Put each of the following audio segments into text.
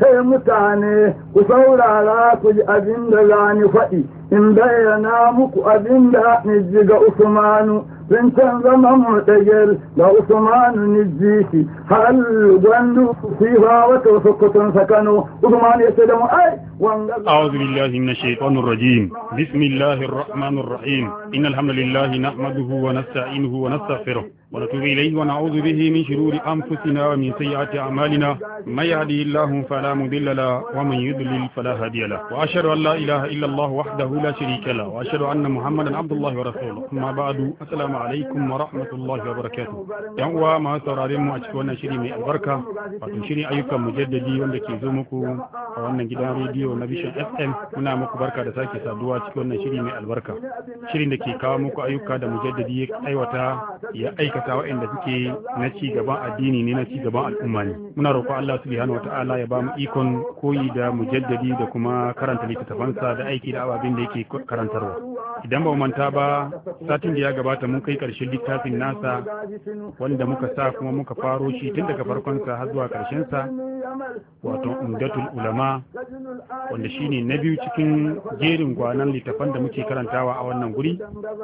kai mutane ku saurara ku ji abin da za ni faɗi in bayyana muku abin da ji ga usmanu sun can zama murtajiyar da usmanu niji shi hal gwandu fiha wata wasu kutun sakano usmanu ya ce da mu ai wanga أعوذ بالله من الشيطان الرجيم بسم الله الرحمن الرحيم إن الحمد لله نحمده ونستعينه ونستغفره ونتوب إليه ونعوذ به من شرور أنفسنا ومن سيئات أعمالنا من يهده الله فلا مضل له ومن يضلل فلا هادي له وأشهد أن لا إله إلا الله وحده لا شريك له وأشهد أن محمدا عبد الله ورسوله أما بعد السلام عليكم ورحمة الله وبركاته yan uwa masu sauraren mu a cikin wannan shiri mai albarka wato shirin ayyukan mujaddadi wanda ke zo muku a wannan gidan rediyo na Vision FM muna muku barka da sake saduwa cikin wannan shiri mai albarka shirin da ke kawo muku ayyuka da mujaddadi ya aiwata ya aika ma'aikata waɗanda suke na ci gaban addini ne na ci gaban al'umma ne muna roƙon Allah subhanahu wata'ala ya ba mu ikon koyi da mujaddadi da kuma karanta littattafansa da aiki da ababin da yake karantarwa idan ba manta ba satin da ya gabata mun kai ƙarshen littafin nasa wanda muka sa kuma muka faro shi tun daga sa har zuwa sa wato umdatul ulama wanda shine na biyu cikin jerin gwanan littafan da muke karantawa a wannan guri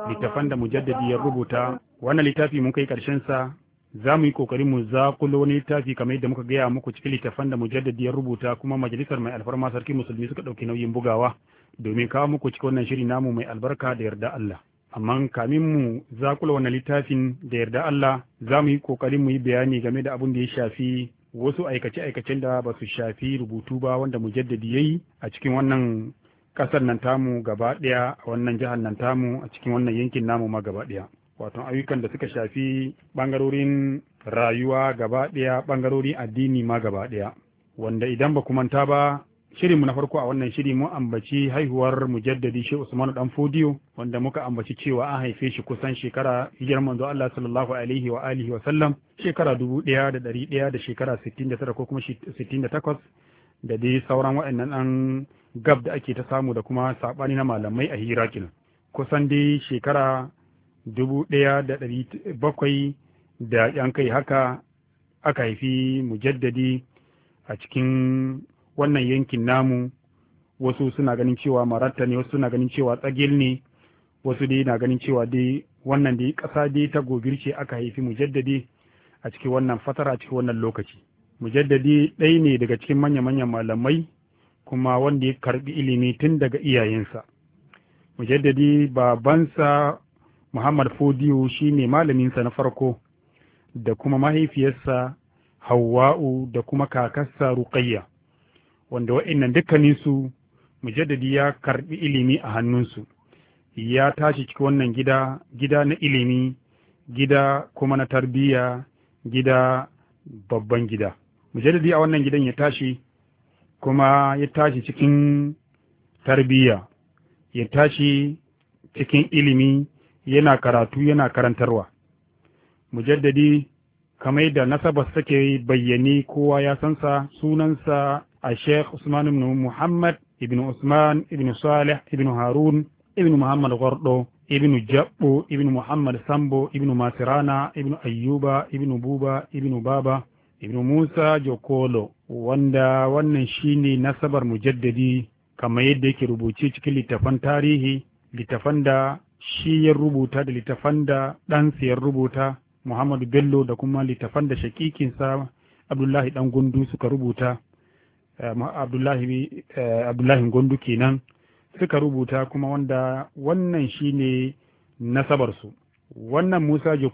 littafan da mujaddadi ya rubuta wannan littafi mun kai ƙarshen sa za mu yi ƙoƙarin mu za zakulo wani littafi kamar yadda muka gaya muku cikin littafan da mujaddadi ya rubuta kuma majalisar mai alfarma sarki musulmi suka ɗauki nauyin bugawa domin kawo muku cikin wannan shiri namu mai albarka da yarda Allah amma kamin mu za zakula wannan littafin da yarda Allah za mu yi ƙoƙarin mu yi bayani game da abin da ya shafi wasu aikace-aikacen da ba su shafi rubutu ba wanda mujaddadi ya yi a cikin wannan ƙasar nan tamu gaba ɗaya a wannan jihar nan tamu a cikin wannan yankin namu ma gaba ɗaya wato ayyukan da suka shafi bangarorin rayuwa gaba ɗaya bangarorin addini ma gaba ɗaya wanda idan ba manta ba shirinmu na farko a wannan shiri mu ambaci haihuwar mujaddadi shi Usmanu dan Fodiyo wanda muka ambaci cewa an haife shi kusan shekara hijirar manzo Allah sallallahu alaihi wa alihi wa sallam shekara dubu ɗaya da ɗari ɗaya da shekara sittin da tara ko kuma sittin da takwas da dai sauran waɗannan an gab da ake ta samu da kuma saɓani na malamai a hira kusan dai shekara dubu ɗaya da ɗari bakwai da yan kai haka aka haifi mujaddadi a cikin wannan yankin namu wasu suna ganin cewa maratta ne wasu suna ganin cewa tsagil ne wasu dai na ganin cewa dai wannan dai ƙasa dai ta gobirce aka haifi mujaddadi a cikin wannan fatara a cikin wannan lokaci mujaddadi ɗaya ne daga cikin manya-manyan malamai kuma wanda ya karɓi ilimi tun daga iyayensa mujaddadi babansa muhammad fodiyo ne malaminsa na farko da kuma mahaifiyarsa hawa'u da kuma kakarsa ruqayya wanda wa'annan dukkaninsu mujaddadi ya karɓi ilimi a hannunsu ya tashi cikin wannan gida gida na ilimi gida kuma na tarbiyya gida babban gida mujaddadi a wannan gidan ya tashi kuma ya tashi cikin tarbiyya ya tashi cikin ilimi yana karatu yana karantarwa mujaddadi kamar da nasabar take bayyane kowa ya sansa sunansa a sheikh usman ibn muhammad ibn usman ibn salih ibn harun ibn muhammad gordo ibn jabbo ibn muhammad sambo ibn masirana ibn ayyuba ibn buba ibn baba ibn musa jokolo wanda wannan shine nasabar mujaddadi kamar yadda yake rubuce cikin littafan tarihi littafan da shi ya rubuta da littafan da ɗansa ya rubuta muhammadu bello da kuma littafan da shakikinsa abdullahi dan gundu suka rubuta eh, eh, abdullahi gundu kenan suka rubuta kuma wanda wannan shine nasabarsu wannan musa shi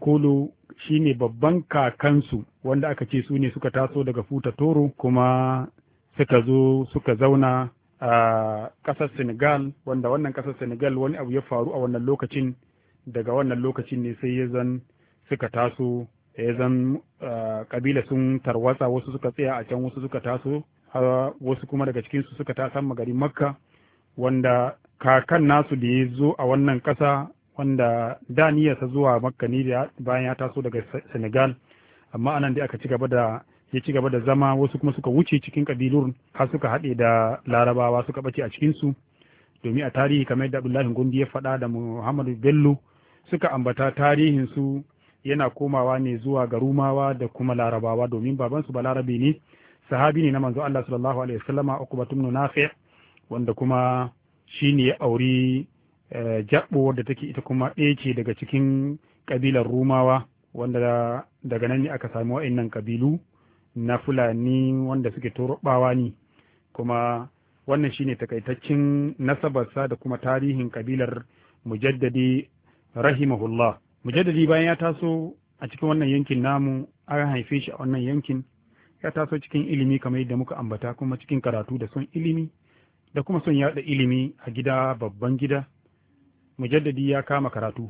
shine babban kakansu wanda aka ce su ne suka taso daga futa toro kuma suka zo suka zauna a ƙasar senegal wanda wannan ƙasar senegal wani abu ya faru a wannan lokacin daga wannan lokacin ne sai ya zan suka taso ya zan ƙabila sun tarwatsa wasu suka tsaya a can wasu suka taso wasu kuma daga cikinsu suka tasa magari makka wanda kakan nasu da ya zo a wannan ƙasa wanda da niyyarsa zuwa makka ne bayan ya taso daga senegal amma anan dai aka ci gaba da ya ci gaba da zama wasu kuma suka wuce cikin kabilun har suka haɗe da larabawa suka ɓace a cikinsu domin a tarihi kamar yadda abdullahi gundi ya faɗa da muhammadu bello suka ambata tarihin su yana komawa ne zuwa ga rumawa da kuma larabawa domin babansu balarabi ne sahabi ne na manzo allah sallallahu alaihi wasallama ukubatun nafi wanda kuma shi ya auri eh, jabbo wadda take ita kuma ɗaya ce daga cikin kabilar rumawa wanda daga nan ne aka sami wa'annan kabilu. na fulani wanda suke turubawa ne kuma wannan shine takaitaccen nasabarsa da kuma tarihin kabilar mujaddadi rahimahullah mujaddadi bayan ya taso a cikin wannan yankin namu an haife shi a wannan yankin ya taso cikin ilimi kamar yadda muka ambata kuma cikin karatu da son ilimi da kuma son yada ilimi a gida babban gida mujaddadi ya kama karatu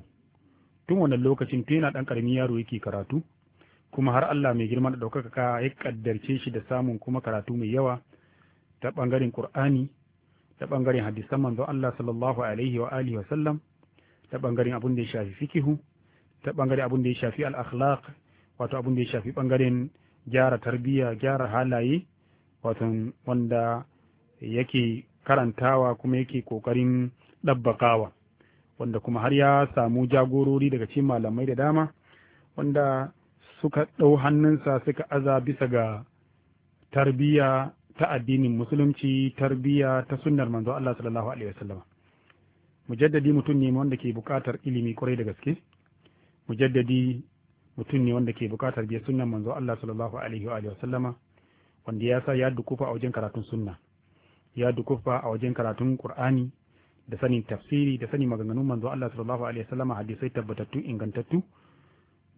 tun wannan lokacin tun yana dan karami yaro yake karatu kuma har Allah mai girma da ɗaukaka ka ya ƙaddarce shi da samun kuma karatu mai yawa ta ɓangaren Ƙur'ani ta ɓangaren hadisan manzon Allah sallallahu alaihi wa alihi wa sallam ta ɓangaren abin da ya shafi fikihu ta ɓangaren abin da ya shafi al-akhlaq wato abin da ya shafi ɓangaren gyara tarbiyya gyara halaye wato wanda yake karantawa kuma yake kokarin ɗabbakawa wanda kuma har ya samu jagorori daga cikin malamai da dama wanda suka ɗau hannunsa suka aza bisa ga tarbiyya ta addinin musulunci tarbiyya ta sunnar manzo Allah sallallahu alaihi wasallam mujaddadi mutum ne wanda ke buƙatar ilimi ƙurai da gaske mujaddadi mutum ne wanda ke buƙatar biya sunnar manzo Allah sallallahu alaihi wa sallama wanda ya sa ya dukufa a wajen karatun sunna ya dukufa a wajen karatun qur'ani da sanin tafsiri da sanin maganganun manzo Allah sallallahu alaihi wa sallama hadisai tabbatattu ingantattu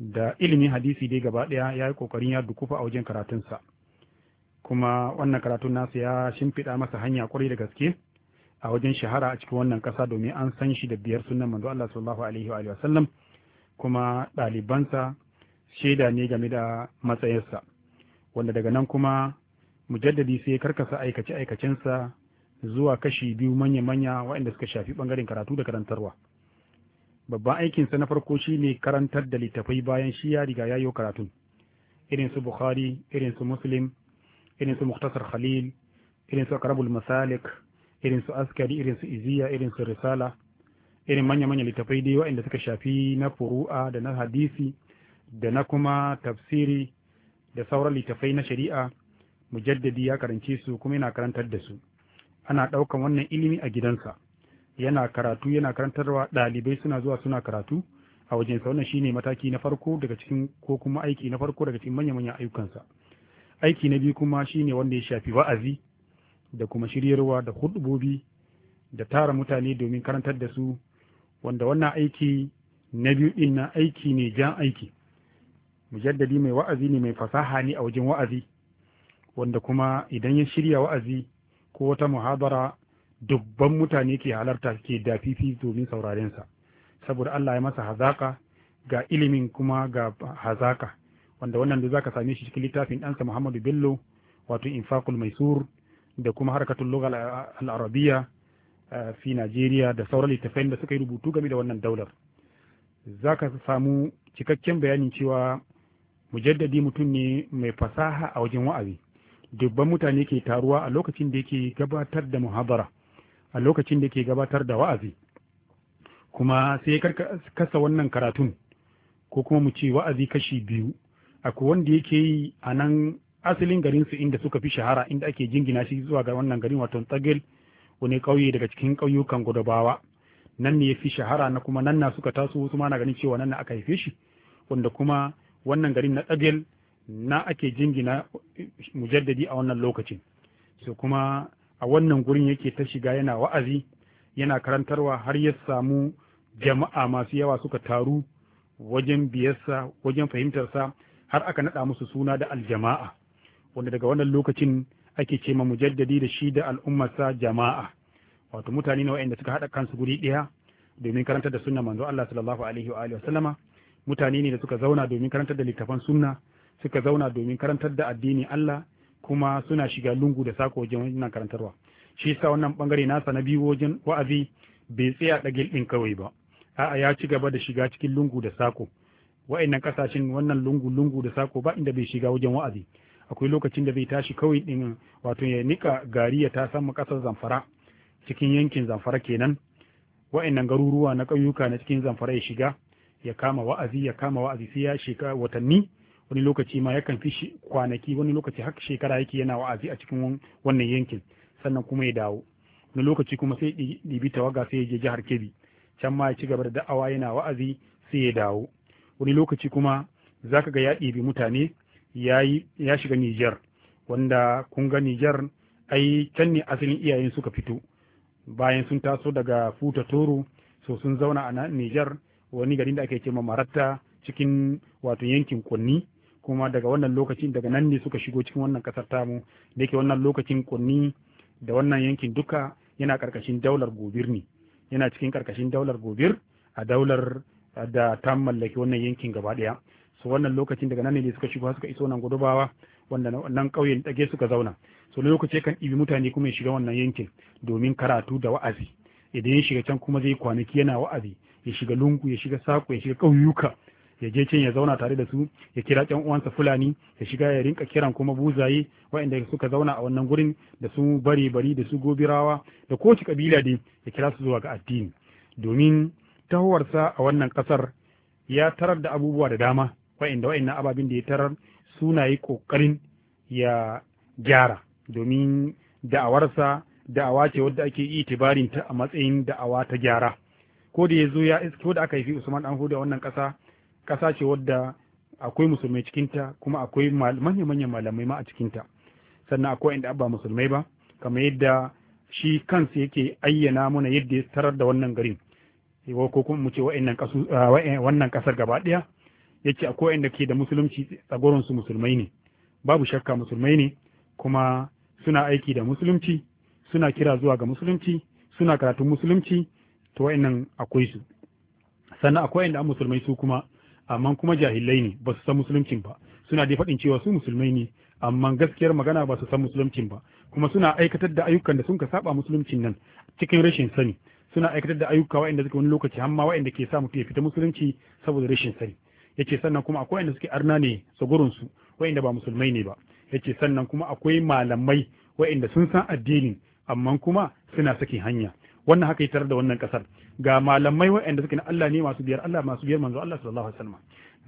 da ilimin hadisi dai gaba ɗaya ya yi kokarin ya dukufa a wajen karatunsa kuma wannan karatun nasa ya shimfiɗa masa hanya ƙwarai da gaske a wajen shahara a cikin wannan ƙasa domin an san shi da biyar sunan manzo Allah sallallahu alaihi wa sallam kuma ɗalibansa shaida ne game da matsayinsa wanda daga nan kuma mujaddadi sai karkasa aikace aikacensa zuwa kashi biyu manya-manya waɗanda suka shafi ɓangaren karatu da karantarwa babban aikinsa na farko shine karantar da littafai bayan shi ya riga ya yi karatun Irinsu bukhari irinsu muslim irinsu muktasar khalil irinsu su masalik irin su askari irinsu iziya irin risala irin manya-manya littafai dai waɗanda suka shafi na furu'a da na hadisi da na kuma tafsiri da sauran littafai na shari'a mujaddadi ya karanci su kuma yana karantar da su ana ɗaukan wannan ilimi a gidansa yana karatu yana karantarwa ɗalibai suna zuwa suna karatu a wajen sa wannan shine mataki na farko daga cikin ko kuma aiki na farko daga cikin manya-manyan ayyukansa aiki na biyu kuma shine wanda ya shafi wa'azi da kuma shiryarwa da hudubobi da tara mutane domin karantar da su wanda wannan aiki na biyu din na aiki ne jan aiki mujaddadi mai wa'azi ne mai fasaha ne a wajen wa'azi wanda kuma idan ya shirya wa'azi ko wata muhabara dubban mutane ke halarta ke dafifi domin sauraren sa saboda Allah ya masa hazaka ga ilimin kuma ga hazaka wanda wannan da zaka same shi cikin littafin ɗansa Muhammadu Bello wato Infaqul Maisur da kuma harkatul lugha al-arabiyya fi Najeriya da sauran littafai da suka yi rubutu game da wannan daular zaka samu cikakken bayanin cewa mujaddadi mutum ne mai fasaha a wajen wa'azi dubban mutane ke taruwa a lokacin da yake gabatar da muhabara a lokacin da ke gabatar da wa'azi kuma sai kasa wannan karatun ko kuma mu ce wa'azi kashi biyu akwai wanda yake yi a nan asalin garinsu inda suka fi shahara inda ake jingina shi zuwa ga wannan garin wato tsagil wani ƙauye daga cikin ƙauyukan gudabawa nan ne ya fi shahara na kuma nan na suka taso wasu ma na ganin cewa nan na aka haife shi wanda kuma wannan garin na tsagil na ake jingina mujaddadi a wannan lokacin so kuma a wannan gurin yake ta shiga yana wa'azi yana karantarwa har ya samu jama'a masu yawa suka taru wajen biyarsa wajen fahimtarsa har aka naɗa musu suna da aljama'a wanda daga wannan lokacin ake ce ma mujaddadi da shi da al'ummarsa jama'a wato mutane ne da suka haɗa kansu guri ɗaya domin karantar da sunna manzo Allah sallallahu alaihi wa alihi wasallama mutane ne da suka zauna domin karantar da littafan sunna suka zauna domin karantar da addinin Allah kuma suna shiga lungu da sako wajen wannan karantarwa shi yasa wannan bangare nasa na biyu wajen wa'azi bai tsaya dagil ɗin kawai ba a'a ya ci gaba da shiga cikin lungu da sako wa'annan kasashen wannan lungu lungu da sako ba inda bai shiga wajen wa'azi akwai lokacin da zai tashi kawai din wato ya nika gari ya ta samu kasar zamfara cikin yankin zamfara kenan wa'annan garuruwa na ƙauyuka na cikin zamfara ya shiga ya kama wa'azi ya kama wa'azi sai ya shiga watanni wani lokaci ma yakan fi kwanaki wani lokaci har shekara yake yana wa'azi a cikin wannan yankin sannan kuma ya dawo wani lokaci kuma sai ɗibi tawaga sai ya je jihar kebbi can ma ya ci gaba da da'awa yana wa'azi sai ya dawo wani lokaci kuma za ka ga ya ɗibi mutane ya shiga Nijar wanda kun ga Nijar ai can ne asalin iyayen suka fito bayan sun taso daga futa toro so sun zauna a Nijar wani garin da ake ce maratta cikin wato yankin kunni kuma daga wannan lokacin daga nan ne suka shigo cikin wannan kasar tamu da yake wannan lokacin kunni da wannan yankin duka yana karkashin daular gobir ne yana cikin karkashin daular gobir a daular da ta mallaki wannan yankin gaba daya so wannan lokacin daga nan ne suka shigo suka iso nan gudubawa wanda nan ƙauyen ɗage suka zauna so lokaci kan ibi mutane kuma ya shiga wannan yankin domin karatu da wa'azi idan ya shiga can kuma zai kwanaki yana wa'azi ya shiga lungu ya shiga sako ya shiga ƙauyuka ya je can ya zauna tare da su ya kira ƴan uwansa fulani ya shiga ya rinka kiran kuma buzaye waɗanda suka zauna a wannan gurin da su bari bari da su gobirawa da kowace kabila dai ya kira su zuwa ga addini domin tahowarsa a wannan ƙasar ya tarar da abubuwa da dama waɗanda waɗannan ababen da ya tarar suna ƙoƙarin ya gyara domin da'awarsa da'awa ce wadda ake itibarin ta a matsayin da'awa ta gyara ko da ya zo ya ko da aka yi fi Usman dan Hudu a wannan ƙasa kasa ce wadda akwai musulmai cikinta kuma akwai manya-manyan malamai ma a cikinta sannan akwai inda ba musulmai ba kamar yadda shi kansa yake ayyana mana yadda ya tarar da wannan garin ko kuma mu ce wannan kasar gaba ɗaya ce akwai inda ke da musulunci tsagoron su musulmai ne babu shakka musulmai ne kuma suna aiki da musulunci suna kira zuwa ga musulunci suna karatun musulunci to wa'in akwai su sannan akwai inda musulmai su kuma amma kuma jahilai ne ba su san musuluncin ba suna dai faɗin cewa su musulmai ne amma gaskiyar magana ba su san musuluncin ba kuma suna aikatar da ayyukan da sun ka saba musuluncin nan cikin rashin sani suna aikatar da ayyuka waɗanda suke wani lokaci amma waɗanda ke sa mutum ya fita musulunci saboda rashin sani yace sannan kuma akwai waɗanda suke arna ne tsagurin su waɗanda ba musulmai ne ba yace sannan kuma akwai malamai waɗanda sun san addinin amma kuma suna sakin hanya wannan haka yi tarar da wannan kasar ga malamai waɗanda suke na Allah ne masu biyar Allah masu biyar manzo Allah sallallahu alaihi wasallam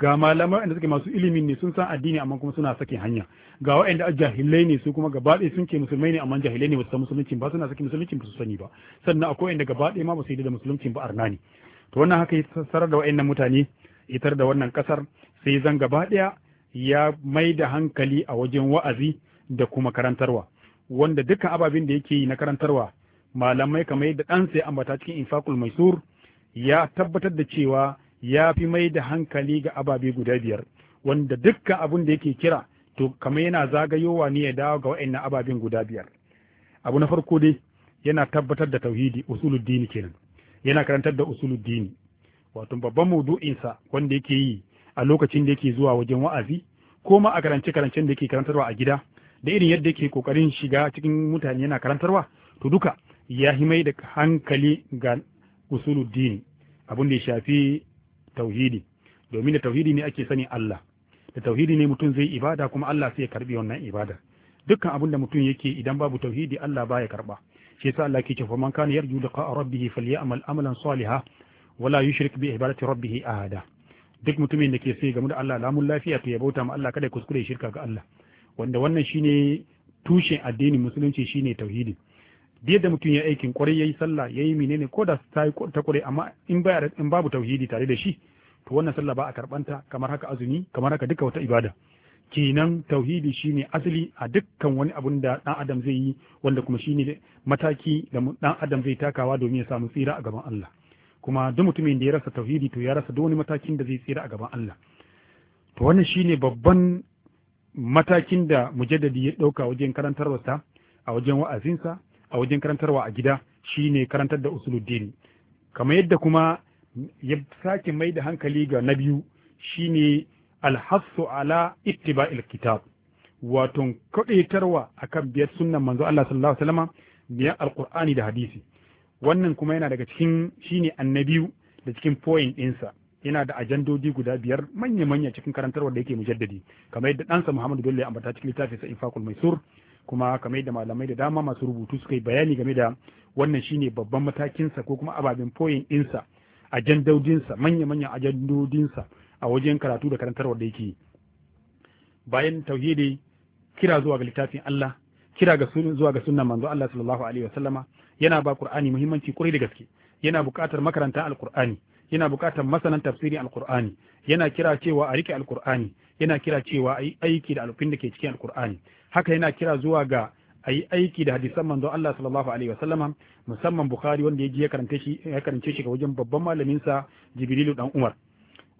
ga malamai waɗanda suke masu ilimin ne sun san addini amma kuma suna sakin hanya ga waɗanda jahilai ne su kuma gaba ɗaya sun ce musulmai ne amma jahilai ne ba su san musulunci ba suna sakin musulunci ba su sani ba sannan akwai waɗanda gaba ɗaya ma ba su yi da musulunci ba arna ne to wannan haka yi tarar da waɗannan mutane itar da wannan kasar sai zan gaba ɗaya ya mai da hankali a wajen wa'azi da kuma karantarwa wanda dukkan ababen da yake yi na karantarwa malamai kamar yadda ɗan sai ambata cikin mai maisur ya tabbatar da cewa ya fi mai da hankali ga ababe guda biyar wanda dukkan abin da yake kira to kamar yana zagayowa ne ya dawo ga wa'annan ababen guda biyar abu na farko dai yana tabbatar da tauhidi usuluddini kenan yana karantar da usuluddini wato babban maudu'insa wanda yake yi a lokacin da yake zuwa wajen wa'azi ko ma a karance karancen da yake karantarwa a gida da irin yadda yake kokarin shiga cikin mutane yana karantarwa to duka ya himai da hankali ga usuluddini abin da ya shafi tauhidi domin da tauhidi ne ake sani Allah da tauhidi ne mutum zai ibada kuma Allah sai ya karbi wannan ibada dukkan abin da mutum yake idan babu tauhidi Allah baya karba shi yasa Allah ke ce man kana yarju liqa rabbih falyamal amalan salihan wala yushrik bi ibadati rabbih ahada duk mutumin da ke sai game da Allah lamun lafiya to ya bauta ma Allah kada ya kuskure shirka ga Allah wanda wannan shine tushen addinin musulunci shine tauhidi biyar da mutum ya aikin kwarai ya yi sallah ya yi menene ko da ta yi ta kwarai amma in ba in babu tauhidi tare da shi to wannan sallah ba a karbanta kamar haka azumi kamar haka duka wata ibada kenan tauhidi shine asali a dukkan wani abun da dan adam zai yi wanda kuma shine mataki da dan adam zai takawa domin ya samu tsira a gaban Allah kuma duk mutumin da ya rasa tauhidi to ya rasa duk wani matakin da zai tsira a gaban Allah to wannan shine babban matakin da mujaddadi ya dauka wajen ta, a wajen wa'azinsa a wajen karantarwa a gida shine karantar da usuluddini kamar yadda kuma ya sake mai da hankali ga na biyu shine alhassu ala ittiba'il kitab wato kadaitarwa akan biyar sunnan manzo Allah sallallahu alaihi wasallam biyar alqur'ani da hadisi wannan kuma yana daga cikin shine annabiyu da cikin point ɗinsa yana da ajandodi guda biyar manya-manya cikin karantarwar da yake mujaddadi kamar yadda ɗansa Muhammadu Bello ya ambata cikin littafin sa Infaqul Maisur kuma kamar da malamai da dama masu rubutu suka yi bayani game da wannan shine babban matakinsa ko kuma ababen foyin ɗinsa ajandodinsa manya-manyan ajandodinsa a wajen karatu da karantarwa da yake bayan tauhidi kira zuwa ga littafin Allah kira ga zuwa ga sunnan manzo Allah sallallahu alaihi wasallama yana ba Qur'ani muhimmanci kwarai da gaske yana buƙatar makarantar alqur'ani yana buƙatar masanan tafsirin alqur'ani yana kira cewa a rike alqur'ani yana kira cewa a yi aiki da alfin da ke cikin alqur'ani haka yana kira zuwa ga a yi aiki da hadisan manzon Allah sallallahu alaihi wasallam musamman Bukhari wanda ya ji ya karanta shi ya karance shi ga wajen babban malamin sa Jibrilu dan Umar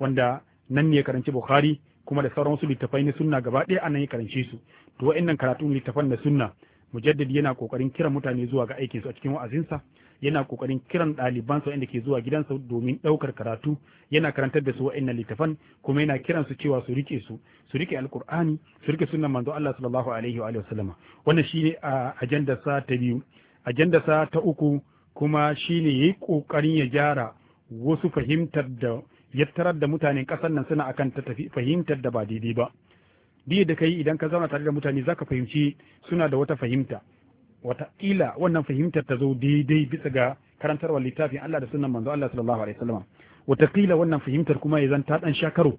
wanda nan ne ya karanci Bukhari kuma da sauran wasu littafai na sunna gaba ɗaya anan ya karance su to wa'annan karatun littafan na sunna mujaddid yana kokarin kira mutane zuwa ga aikin su a cikin wa'azinsa yana kokarin kiran ɗalibansa waɗanda ke zuwa gidansa domin ɗaukar karatu yana karantar da su waɗannan littafan kuma yana kiran su cewa su rike su su rike alkur'ani su rike sunnan manzo Allah sallallahu alaihi wa sallama wannan shine a sa ta biyu ajanda sa ta uku kuma shine yayi kokarin ya gyara wasu fahimtar da ya tarar da mutanen ƙasar nan suna akan ta fahimtar da ba daidai ba biye da kai idan ka zauna tare da mutane zaka fahimci suna da wata fahimta wataƙila wannan fahimtar ta zo daidai bisa ga karantarwar littafin Allah da sunan manzo Allah sallallahu alaihi wasallam wataƙila wannan fahimtar kuma ya zanta dan shakaro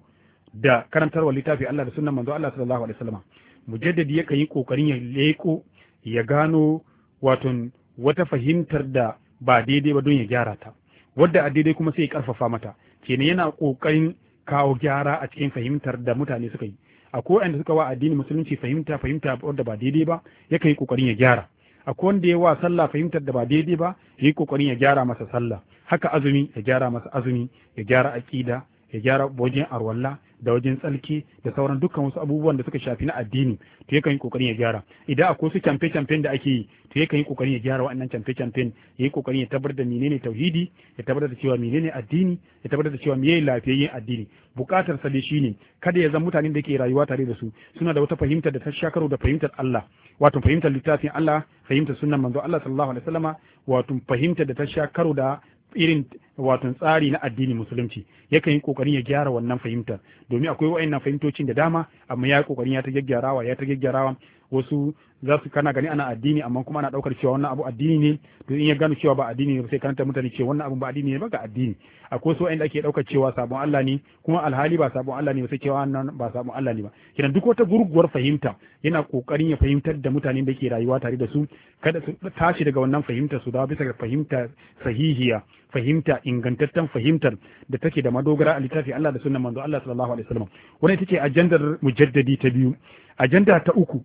da karantarwar littafin Allah da sunan manzo Allah sallallahu alaihi wasallam mujaddadi yi kokarin ya leko ya gano waton wata fahimtar da ba daidai ba don ya gyara ta wadda a daidai kuma sai ya karfafa mata kenan yana kokarin kawo gyara a cikin fahimtar da mutane suka yi a ko suka wa addini musulunci fahimta fahimta wadda ba daidai ba yakan yi kokarin ya gyara akwai wanda ya wa sallah fahimtar da ba daidai ba ya yi kokarin ya gyara masa sallah haka azumi ya gyara masa azumi ya gyara aƙida, ya gyara wajen arwalla da wajen tsalki da sauran dukkan wasu abubuwan da suka shafi na addini to yakan yi kokarin ya gyara idan akwai su campaign campaign da ake yi to yakan yi kokarin ya gyara wannan campaign campaign ya yi kokarin ya tabbatar da menene tauhidi ya tabbatar da cewa menene addini ya tabbatar da cewa meye lafiyayyen addini bukatar sa dai shine kada ya zama mutanen da ke rayuwa tare da su suna da wata fahimta da ta da fahimtar Allah wato fahimtar littafin Allah fahimtar sunnan manzo Allah sallallahu alaihi wasallama wato fahimtar da ta da irin wato tsari na addini musulunci yakan yi kokarin ya gyara wannan fahimtar domin akwai wa'annan fahimtocin da dama amma ya yi kokarin ya ta gyaggyarawa ya ta gyaggyarawa wasu za su kana gani ana addini amma kuma ana daukar cewa wannan abu addini ne to in ya gano cewa ba addini ne sai karanta mutane cewa wannan abu ba addini ne ba ga addini akwai su wanda ake daukar cewa sabon Allah ne kuma alhali ba sabon Allah ne ba sai cewa wannan ba sabon Allah ne ba kina duk wata gurguwar fahimta yana kokarin ya fahimtar da mutanen da ke rayuwa tare da su kada su tashi daga wannan fahimta su da bisa ga fahimta sahihiya fahimta ingantaccen fahimtar da take da madogara a littafi Allah da sunnan manzo Allah sallallahu alaihi wasallam wannan ita ce ajandar mujaddadi ta biyu ajanda ta uku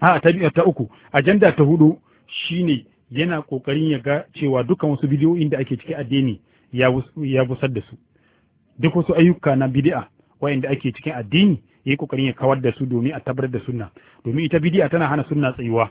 a ta biyu ta uku ajanda ta hudu shine yana kokarin ya ga cewa dukkan wasu bidiyoin da ake cikin addini ya busar da su duk wasu ayyuka na bid'a wayanda ake cikin addini yayi kokarin ya kawar da su domin a tabbatar da sunna domin ita bid'a tana hana sunna tsayuwa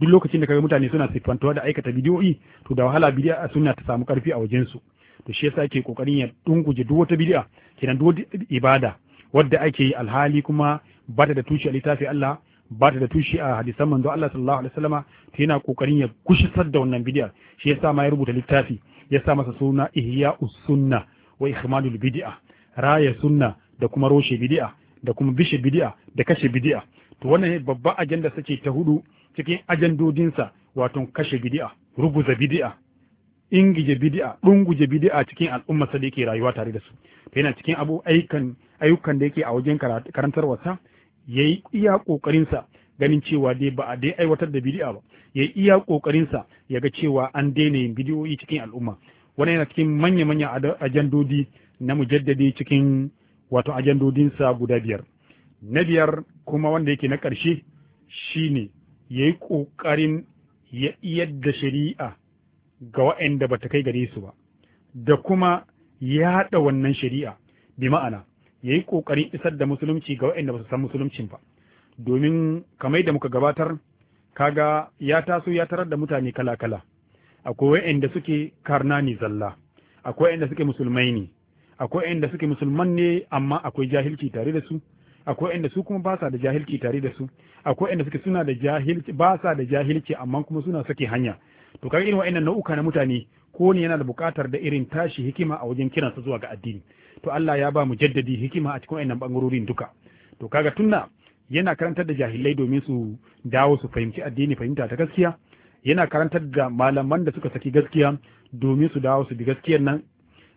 duk lokacin da kaga mutane suna sifantuwa da aikata bidiyoyi to da wahala bid'a a sunna ta samu karfi a wajen su to shi yasa ake kokarin ya dunguje duk wata bid'a kenan duk ibada wadda ake yi alhali kuma bata da tushe a littafin Allah ba ta da tushe a hadisan manzo Allah sallallahu alaihi wasallama ta yana kokarin ya kushisar da wannan bid'a shi yasa ma ya rubuta littafi ya sa masa suna ihya sunna wa ihmalul bid'a raya sunna da kuma roshe bid'a da kuma bishe bid'a da kashe bid'a to wannan babba ajanda sace ta hudu cikin ajandodinsa wato kashe bid'a ruguza bid'a ingije bid'a dunguje bid'a cikin al'ummar sa da yake rayuwa tare da su to yana cikin abu ayyukan ayyukan da yake a wajen karantarwa sa yayi iya ƙoƙarinsa ganin cewa dai ba a dai aiwatar da bidi'a ba yi iya ƙoƙarinsa ya ga cewa an daina yin bidiyoyi cikin al'umma Wani yana cikin manya-manyan ajandodi na mujaddadi cikin wato ajandodinsa guda biyar na biyar kuma wanda yake na ƙarshe shine ya yi ƙoƙarin ya iyar da shari'a ga wa'anda ba ta kai gare su ba da kuma ya haɗa wannan shari'a bi ma'ana ya yi ƙoƙarin isar da musulunci ga waɗanda ba su san musuluncin ba domin kamar da muka gabatar kaga ya taso ya tarar da mutane kala-kala akwai waɗanda suke karna ne zalla akwai waɗanda suke musulmai ne akwai waɗanda suke musulman ne amma akwai jahilci tare da su akwai waɗanda su kuma ba sa da jahilci tare da su akwai waɗanda suke suna da jahilci ba sa da jahilci amma kuma suna sake hanya to kaga irin waɗannan nau'uka na mutane ko ne yana da bukatar da irin tashi hikima a wajen kiransa zuwa ga addini to Allah ya ba mu jaddadi hikima a cikin wannan bangarorin duka to kaga tunna yana karantar da jahilai domin su dawo su fahimci addini fahimta ta gaskiya yana karantar da malaman da suka saki gaskiya domin su dawo su bi gaskiyar nan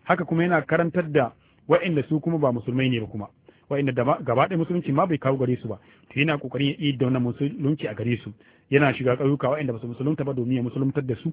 haka kuma yana karantar da wa'inda su kuma ba musulmai ne ba kuma wa'inda gaba ɗaya musulunci ma bai kawo gare su ba to yana kokarin ya da wannan musulunci a gare su yana shiga ƙauyuka wa'inda ba su musulunta ba domin ya musuluntar da su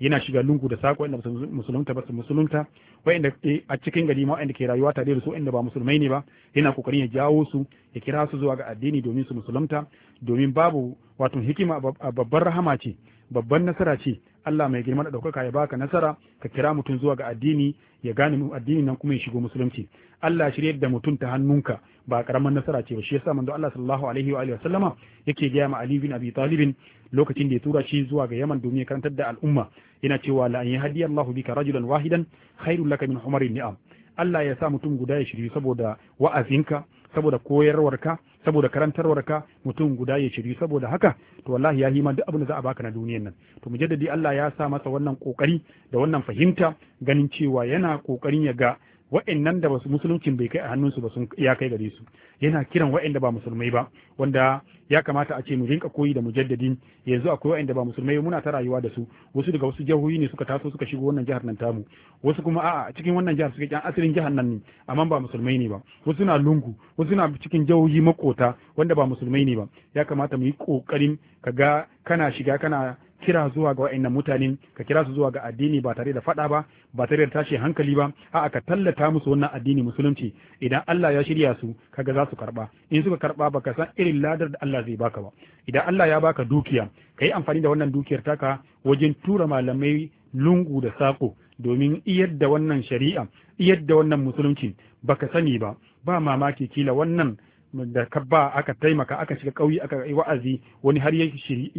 yana shiga lungu da sako inda musulunta ba su musulunta wa'inda a cikin gari ma wa'inda ke rayuwa tare da su inda ba musulmai ne ba yana kokarin ya jawo su ya kira su zuwa ga addini domin su musulunta domin babu wato hikima babbar rahama ce babban nasara ce Allah mai girma da ɗaukaka ya baka nasara ka kira mutum zuwa ga addini ya gane addini nan kuma ya shigo musulunci Allah shirye da mutum ta hannunka ba karaman nasara ce ba shi yasa manzo Allah sallallahu alaihi wa alihi sallama yake ga ma Ali bin Abi Talib lokacin da ya tura shi zuwa ga Yaman domin ya karantar da al'umma yana cewa la an yahdi Allahu bika rajulan wahidan khairul laka min humarin ni'am Allah ya sa mutum guda ya shirye saboda wa'azinka saboda koyarwarka saboda karantarwar ka mutum guda ya shiri saboda haka to wallahi ya hima duk abin da za a baka na duniyan nan to mujaddadi Allah ya sa masa wannan kokari da wannan fahimta ganin cewa yana kokarin ya ga wa'annan da basu musuluncin bai kai a hannunsu ba sun ya kai gare su yana kiran wa'anda ba musulmai ba wanda ya kamata a ce mu rinka koyi da mujaddadin yanzu akwai wa'anda ba musulmai muna ta rayuwa da su wasu daga wasu jahohi ne suka taso suka shigo wannan jihar nan tamu wasu kuma a'a cikin wannan jihar suke kyan asirin jihar nan ne amma ba musulmai ne ba wasu na lungu wasu na cikin jahohi makota wanda ba musulmai ne ba ya kamata mu yi kokarin kaga kana shiga kana kira zuwa ga wa'annan mutanen ka kira su zuwa ga addini ba tare da fada ba ba tare da tashi hankali ba a'a ka tallata musu wannan addini musulunci idan Allah ya shirya su kaga za su karba in suka karba ka san irin ladar da Allah zai baka ba idan Allah ya baka dukiya ka yi amfani da wannan dukiyar taka wajen tura malamai lungu da sako domin iyar da wannan shari'a iyar da wannan musulunci baka sani ba ba mamaki kila wannan da ka ba aka taimaka aka shiga ƙauye aka yi wa'azi wani har ya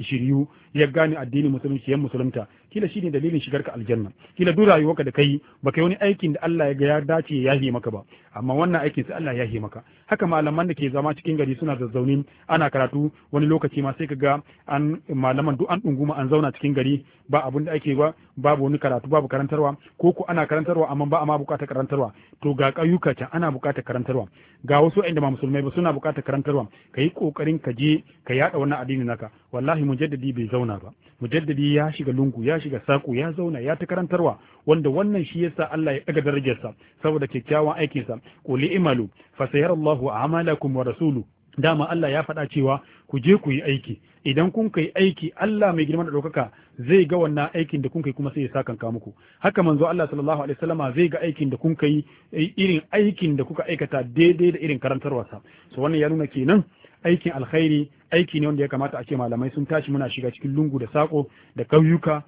shiryu ya gane addinin musulunci ya musulunta kila shine dalilin shigar ka aljanna kila duk waka da kai baka yi wani aikin da Allah ya ga ya dace ya yahe maka ba amma wannan aikin sai Allah ya yahe maka haka malaman da ke zama cikin gari suna zazzauni ana karatu wani lokaci ma sai ka ga an malaman duk an dunguma an zauna cikin gari ba abun da ake ba babu wani karatu babu karantarwa ko ko ana karantarwa amma ba a ma bukata karantarwa to ga kayuka can ana bukata karantarwa ga wasu inda ba musulmai ba suna bukata karantarwa kai kokarin ka je ka yada wannan addini naka wallahi mujaddadi bai zauna ba mujaddadi ya shiga lungu ya ga saƙo ya zauna ya ta karantarwa wanda wannan shi yasa Allah ya daga darajarsa saboda kyakkyawan aikinsa qul imalu fa sayarallahu a'malakum wa rasuluhu dama Allah ya faɗa cewa ku je ku yi aiki idan kun kai aiki Allah mai girma da ɗaukaka zai ga wannan aikin da kun kai kuma sai ya sakan ka muku haka manzo Allah sallallahu alaihi wasallama zai ga aikin da kun kai irin aikin da kuka aikata daidai da irin karantarwarsa so wannan ya nuna kenan aikin alkhairi aiki ne wanda ya kamata a ce malamai sun tashi muna shiga cikin lungu da sako da kauyuka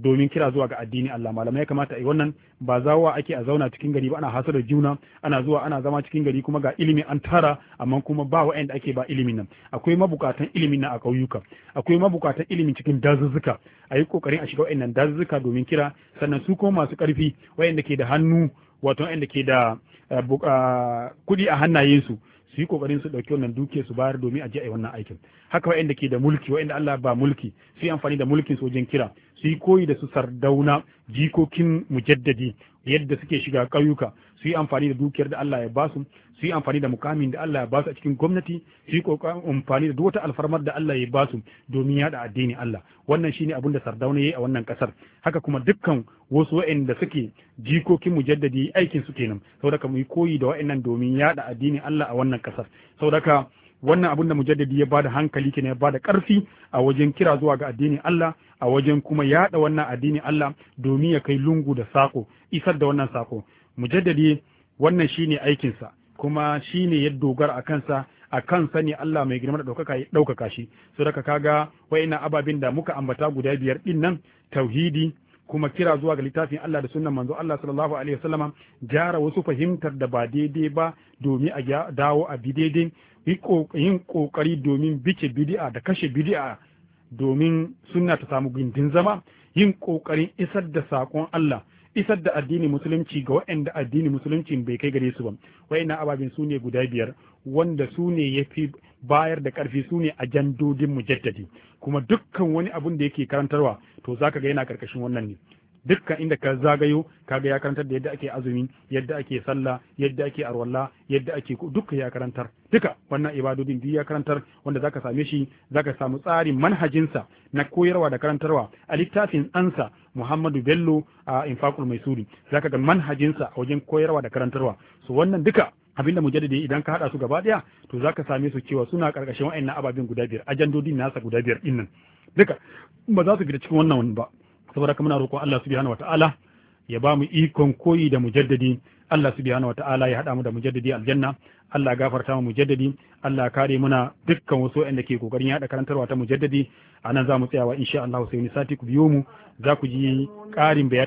domin kira zuwa ga addini Allah malamai ya kamata yi wannan ba zawa ake a zauna cikin gari ba ana hasara juna ana zuwa ana zama cikin gari kuma ga ilimi an tara amma kuma ba wa'anda ake ba ilimin nan akwai mabukatan ilimin nan a kauyuka akwai mabukatan ilimin cikin dazuzzuka a yi kokarin a shiga wa'annan dazuzzuka domin kira sannan su kuma masu ƙarfi wa'anda ke da hannu wato wa'anda ke da eh, ah, kuɗi a hannayensu su yi kokarin su dauki wannan duke su bayar domin a je a yi wannan aikin haka wa'anda ke da mulki wa'anda Allah ba mulki su yi amfani da mulkin su wajen kira su yi koyi da su sardauna jikokin mujaddadi yadda suke shiga ƙauyuka su yi amfani da dukiyar da Allah ya ba su su yi amfani da mukamin da Allah ya ba su a cikin gwamnati su yi amfani da duk wata alfarmar da Allah ya ba su domin yada addini Allah wannan shine abin da sardauna yayi a wannan kasar haka kuma dukkan wasu waɗanda suke jikokin mujaddadi aikin su kenan saboda mu yi koyi da waɗannan domin yada addini Allah a wannan kasar saboda wannan abin da mujaddadi ya bada hankali kenan ya bada karfi a wajen kira zuwa ga addinin Allah a wajen kuma yada wannan addinin Allah domin ya kai lungu da sako isar da wannan sako mujaddadi wannan shine aikinsa kuma shine ya dogara a kansa a kan sani Allah mai girma da daukaka ya daukaka shi so daga kaga wa'ina ababin da muka ambata guda biyar din nan tauhidi kuma kira zuwa ga littafin Allah da sunnan manzo Allah sallallahu alaihi wasallam jara wasu fahimtar da ba daidai ba domin a dawo a bi daidai yin kokari domin bice bidi'a da kashe bidi'a domin sunna ta samu gindin zama yin kokarin isar da sakon Allah isar da addini musulunci ga waɗanda addini musulunci bai kai gare su ba waɗannan ababen su ne guda biyar wanda su ne ya fi bayar da ƙarfi su ne a ajandodin mujaddadi kuma dukkan wani abun da yake karantarwa to zaka ga yana karkashin wannan ne dukkan inda ka zagayo kaga ya karantar da yadda ake azumi yadda ake sallah yadda ake arwalla yadda ake duka ya karantar duka wannan ibadodin duk ya karantar wanda zaka same shi zaka samu tsarin manhajinsa na koyarwa da karantarwa a littafin ansa Muhammadu Bello a Infaqul Maisuri zaka ga manhajinsa a wajen koyarwa da karantarwa so wannan duka abinda mujaddidi idan ka hada su gaba daya to zaka same su cewa suna karkashin wa'annan ababen guda biyar ajandodin nasa guda biyar dinnan duka ba za su fita cikin wannan wani ba saboda kuma muna roƙon Allah subhanahu wataala ya ba mu ikon koyi da mujaddadi Allah subhanahu wataala ya haɗa mu da mujaddadi aljanna Allah gafarta mu mujaddadi Allah kare muna dukkan wasu waɗanda ke kokarin yaɗa karantarwa ta mujaddadi anan za mu tsayawa insha Allah sai ni sati ku biyo mu za ku ji ƙarin bayani